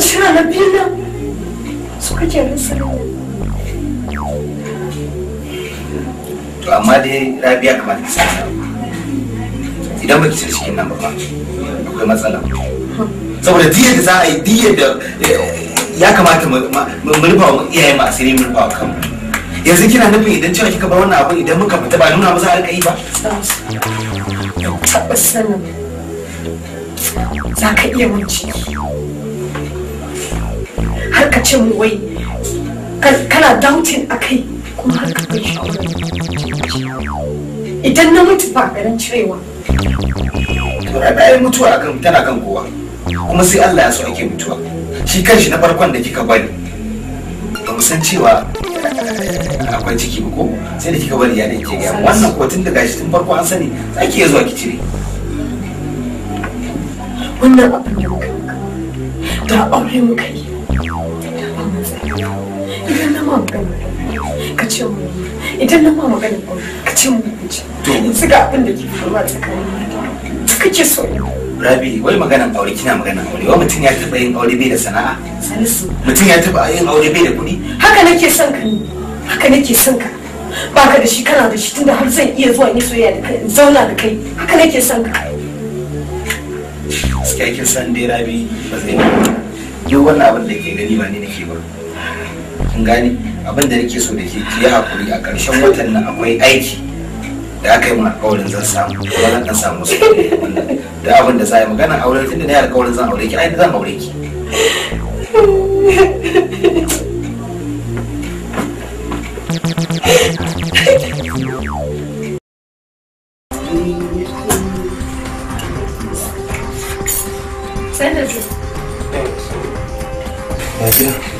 nan suna na biyu nan suka ke nan to amma dai rabiya kamar ki san idan ba ki san cikin nan ba akwai matsala saboda diyar da za a yi diyar da ya kamata mu rufa wa iyaye masu asiri mu rufa wa kanmu yanzu kina nufin idan cewa kika bar wannan abu idan muka fita ba nuna mu za a yi ba tabbas sanin za ka iya mun ciki har ka ce mu wai kana doubting a kai kuma har ka kai idan na mutu ba garin cirewa to ai bayan mutuwa akan tana kan kowa kuma sai Allah ya so ake mutuwa shi kanshi na farkon da kika bari ba mu san cewa akwai ciki ba ko sai da kika bari ya dake ga wannan ko tun daga shi tun farko an sani za ki iya zuwa ki cire wannan abin da aure muka yi ma magana ka ce mu idan na ma magana ka ce mu ce yanzu ga abin da ke faruwa tsakanin kake so Rabi wai maganan aure kina maganan aure wa mutum ya taɓa yin aure bai da sana'a mutum ya taɓa yin aure bai da kuɗi haka nake son ka ni haka nake son ka baka da shi kana da shi tunda har zan iya zuwa in soyayya da kai zauna da kai haka nake son ka gaskiya kin san dai Rabi ba zai duk wannan abin da ke gani ba ni nake ba kun gane abin da nake so da ke ki hakuri a ƙarshen watan nan akwai aiki da aka yi mun alƙawarin zan samu kuma zan dan samu su da abin da za a yi magana tun tunda na yi alƙawarin zan aure ki ai zan aure ki Thank you.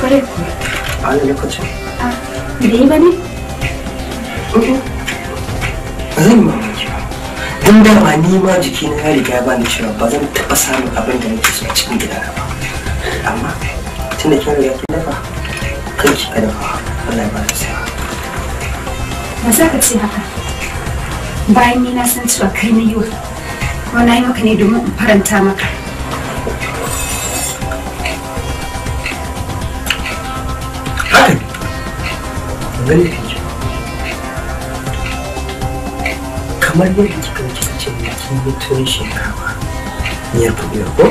kwarai kuwa a wani lokacin bai yi ba ne ba zan mamaki ba don dama ni ma jiki na ya riga ba ni cewa ba zan taɓa samun abin da nake so a cikin gidana ba amma tun da kin riga kin dafa kan ki ka dafa Allah ya ba da sa'a ba za ka ce haka bayan ni na san cewa kai na yi wa ko na yi maka ne domin in faranta maka kamar yadda kike kamar yadda kika kika ce ne kin yi tun shinkafa miyar kubewa ko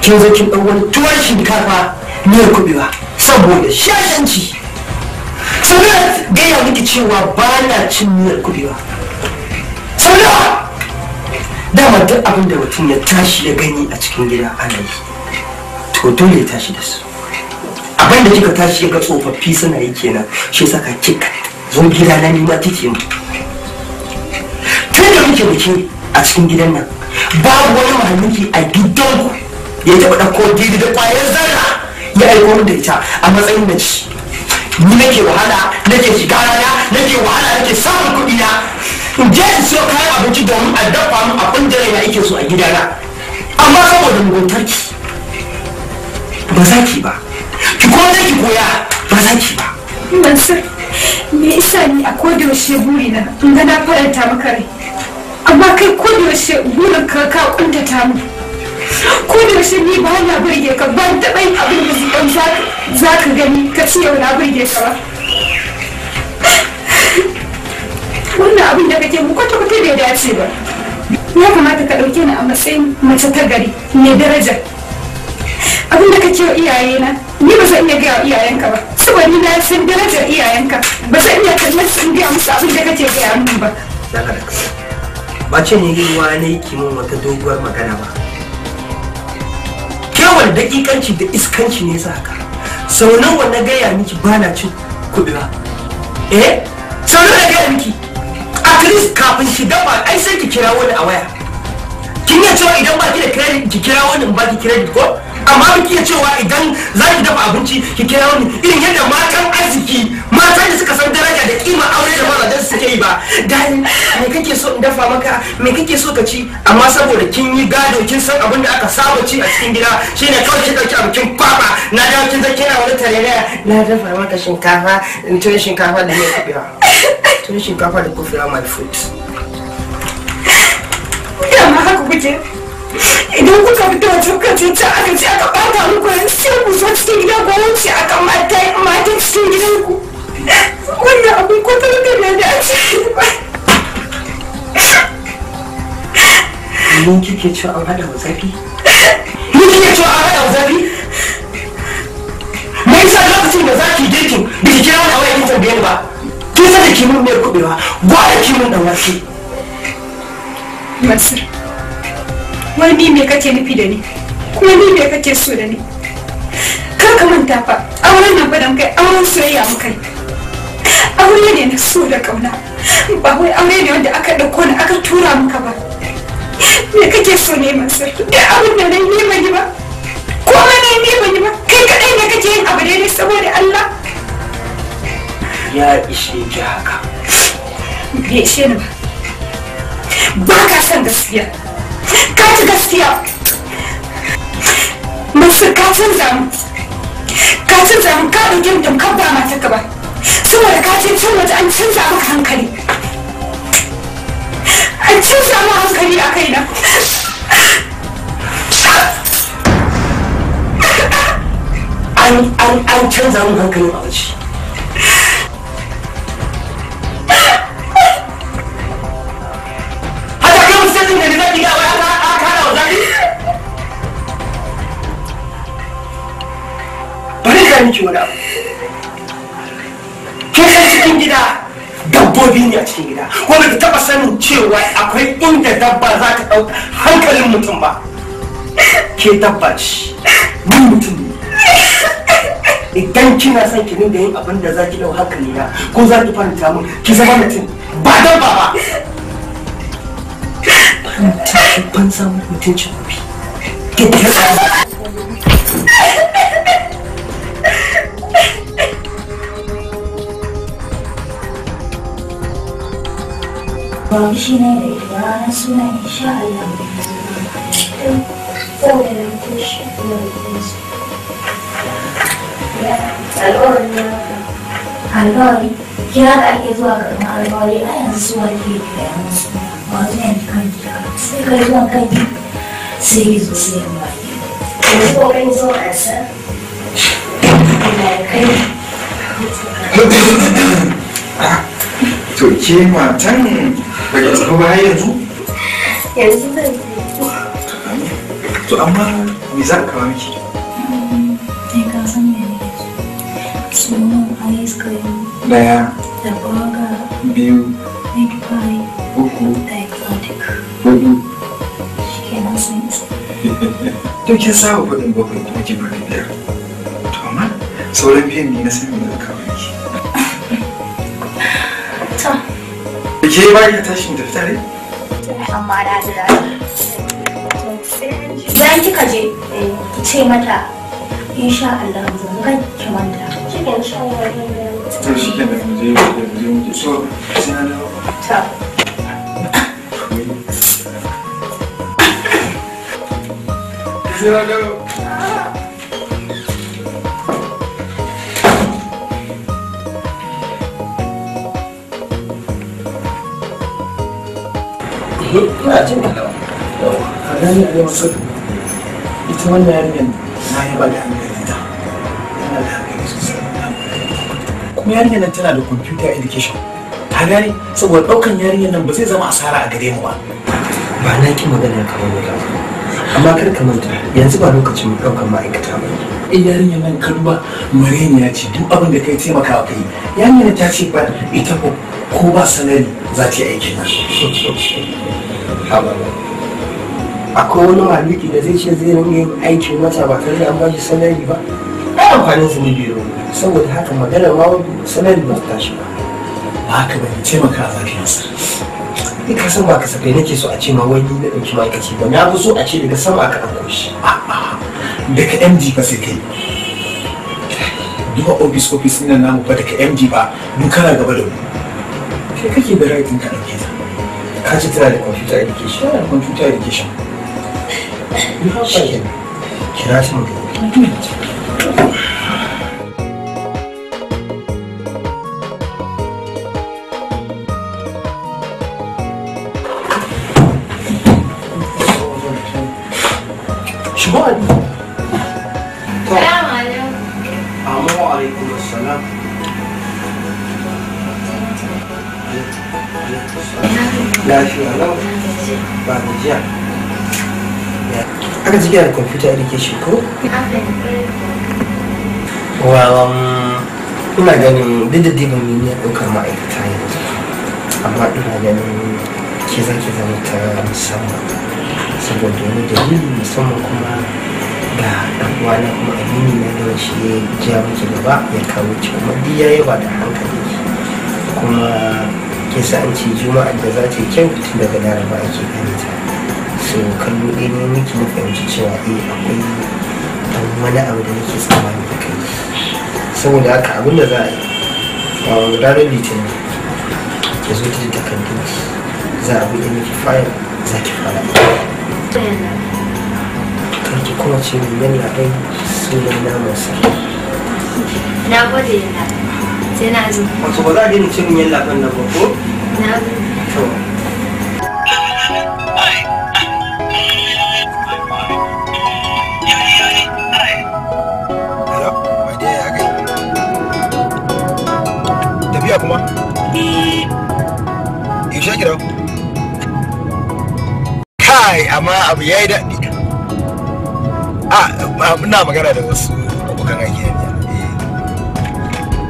kin zo kin ɗan wani tuwon shinkafa miyar kuɓewa saboda shashanci sannan gaya miki cewa ba na cin miyar kuɓewa. sannan dama duk abin da mutum ya tashi ya gani a cikin gida ana yi to dole ya tashi da su abin da kika tashi ga tsofaffi suna yi kenan shi saka kika zo gida na ma kike mu tun da muke biki a cikin gidan nan babu wani mahalluki a gidan ku. ya taba ɗauko didi da ƙwayar zarra ya aiko min da ita a matsayin da ci ni nake wahala nake shiga rana nake wahala nake samun kuɗi na in je in siyo kayan abinci domin a dafa min abin da na yake so a gidana amma saboda muguntarki ba za ki ba ki ko ki koya ba za ki ba mansur me isa ni a kodayaushe buri na in ga na faranta maka rai amma kai kodayaushe burin ka ka kunta kuntata mu kodayaushe ni ba na burge ka ban taɓa yin abin da za ka gani ka ce yau na burge ka ba wannan abin da kake mu kwata-kwata da ya dace ba ya kamata ka ɗauke ni a matsayin mace ta gari mai daraja abin da kake iyaye iyayena. ni ba zan iya gaya iyayenka ba saboda ni na san darajar iyayenka ba zan iya kallon su gaya musu abin da kake gaya min ba ba ce ne yiwuwa ne yi kimin wata doguwar magana ba kewar daƙiƙanci da iskanci ne sa haka sau nawa na gaya miki ba na cin kudura eh sau nawa na gaya miki at least kafin ki dafa ai sai ki kira wani a waya kin yi cewa idan ba ki da credit ki kira wani ba ki credit ko amma muke cewa idan za ki dafa abinci ki kira wani irin yadda matan arziki matan da suka san daraja da kima aure da mazajen suke yi ba dani me kake so in dafa maka me kake so ka ci amma saboda kin yi gado kin san abin da aka saba ci a cikin gida shine kawai ki dauki abincin kwaba na dawo kin zai kina wani tare na na dafa maka shinkafa in tuwo shinkafa da mai kubewa tuwo shinkafa da kubewa my food. haka kuke. idan kuka fito a cikin cuta a ce aka bata muku yanzu sai ku zo cikin gidan ku wuce kan mata mata cikin gidan ku wannan abin kwatar da na dace Mun kike cewa an haɗa wa zafi? Mun kike cewa an haɗa wa zafi? Me sa lokacin da za ki girkin da ki kira wani awayin wayan tambayar ba? Tun sa da kimin mai kuɓewa, gwada kimin ɗan wasi. Masir. wani ni me kake nufi da ni kuma ni me kake so da ni kar ka manta fa auren nan fa da kai auren soyayya muka yi aure ne na so da kauna ba wai aure ne wanda aka dauko ni aka tura muka ba me kake so ne man sarki da abin da ne ne ban ba ko ma ne ne yi ba kai kadai ne kake yin abu daidai saboda Allah ya ishe ki haka bai ishe ni ba ba ka san gaskiya ka ci gaskiya musu ka canza mu ka canza mu ka ɗauki mutum ka ba mata ka ba saboda ka ce can waje an canza maka hankali an canza maka hankali a kaina an canza mun hankali ba ce miki wani abu kin san cikin gida dabbobi ne a cikin gida wanda ta taba sanin cewa akwai inda dabba za ta ɗauka hankalin mutum ba ke dabba ce ni mutum ne idan kina son ki da yin abin da za ki ɗau hankali na ko za ki faranta mun ki zama mutum ba dabba ba ba na ban samun mutuncin ki ki ba shi ne da ranar suna insha Allah saboda ake zuwa a yanzu su da ba su yanzu kan sai ba kai a kai matan ba ki ba yanzu yanzu zan to amma me za ka kawo miki ne ka san me ne sunan ice cream daya da burger biyu egg pie uku da exotic hudu shikenan sun isa to kin saba kuɗin bakwai kuma kin bari biyar to amma sauran biyan ne na san me ke ba ki tashi mu tafi tare amma na ji daɗi bayan ki ce mata insha Allah zan kan ki manta cikin shan wani to shi ke da mu je mu je mu je so sai na dawo ta ina jin ka lawa a gani yau sun ita wannan yarinyar na yi ba da hankali ta tana da hankali sosai kuma yarinyar nan tana da computer education ta gani saboda ɗaukan yarinyar nan ba zai zama asara a gare mu ba ba na ki magana kamar mu amma kar ka manta yanzu ba lokacin ɗaukar ma'aikata ba in yarinyar nan ka duba ya ce duk abin da kai taimaka kai yarinyar ta ce ba ita ko ba sanari za ta yi aikin nan akwai wani maliki da zai ce zai ringa yin aikin wata ba tare da an bashi salari ba ai amfanin su ne biyu saboda haka magana ma salari ba ta shi ba ba haka ba taimaka a lafiyarsa ni ka san ba kasafai nake so a ce ma wani na ɗauki ma'aikaci ba na fi so a ce daga sama aka ɗauko shi daga md ba sai kai Duka ofis ofis ɗin nan namu ba daga md ba duk kana gaba da mu kai kake da right ɗin ka ɗauke 같이 들어야 돼 컴퓨터 애니케이션 컴퓨터 애니케이션 시계 계란심을 شو هاد؟ السلام عليكم السلام عليكم السلام aka ji da computer education ko? well um, ina ganin duk da ne ya ɗauka ma'aikata yanzu amma ina ganin ke zaki zama ta musamman saboda wani dalili musamman kuma da ɗan kuma amini na da shi ya ja miki gaba ya kawo cikin da hankali kuma yasa in ce juma'a da za ta yi kyau tun daga laraba ake gani ta so kallo ɗaya ne miki na fahimci cewa eh akwai dan wani abu da nake tsammani da kai saboda haka abin da za a yi a ranar litinin ya zo ta da kandun za a buɗe miki fayil za ki fara ki kuma ce min yana ɗai sunan naman masu na gode yana sai na zo wato ba za a daina cin na to tafiya kuma? Eh. kai amma abu ya yi daɗi a ah, ina magana da wasu abokan aiki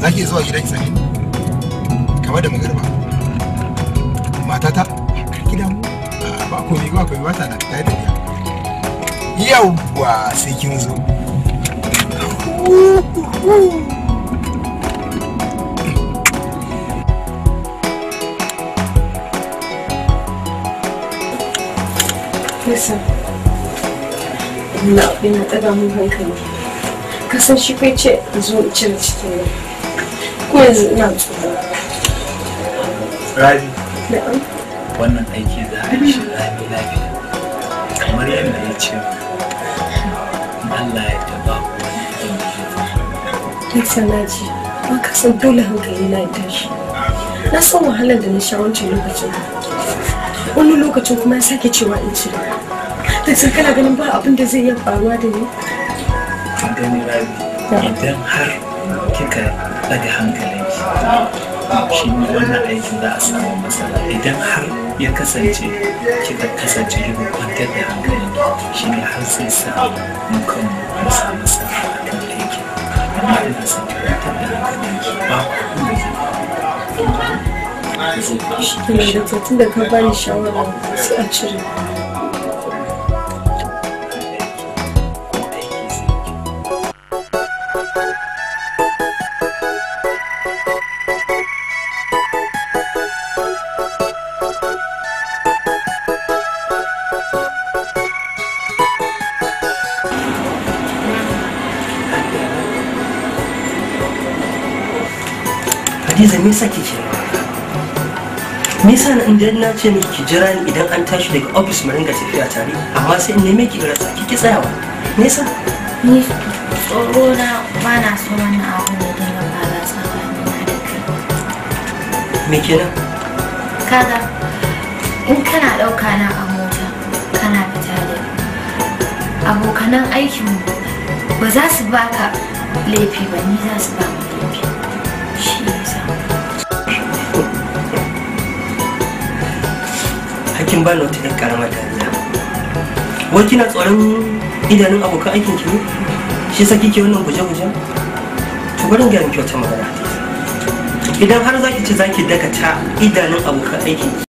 za ki zuwa gida ki tsare kamar da magarba matata ki damu ba komai ba komai ba ta na ta da ya yawwa sai kin zo Listen. na ɗaga mun hankali kasan shi kai ce zo cire cikin ko na ina tsoro rabi wannan aiki za a yi shi rabi lafiya kamar yadda ya ce Allah ya taba Lisa na ji ba ka san dole hankali na tashi na san wahalar da na sha wancan lokacin wani lokacin kuma ya sake cewa in ci da sun kana ganin ba abin da zai iya faruwa da ni gani rabi idan har kika daga hankalinki shi ne wannan aikin za a samu matsala idan har ya kasance kika kasance kika kwantar da hankalinki shi ne har sai sa mu kan mu samu sa'a a kan aikin amma ina son ki kwantar da hankalinki ba abin da zai shi ne da tun da ka bani shawara su a cire hadiza me yasa kike me yasa na inda na ce miki ki jira ni idan an tashi daga ofis mu ringa tafiya tare amma sai in neme ki rasa kike tsayawa me yasa ni tsoro na ba na so wannan abu ne don ba fara tsawa da kai me kenan kaga in kana ɗauka na a mota kana fita da abokanan aikinmu ba za su baka laifi ba ni za su baka kin bani wata ɗan karamar dariya wai kina tsoron idanun abokan aikin ki shi sa kike wannan guje-guje to bari ga miki wata magana idan har zaki ce zaki ta idanun abokan aikin ki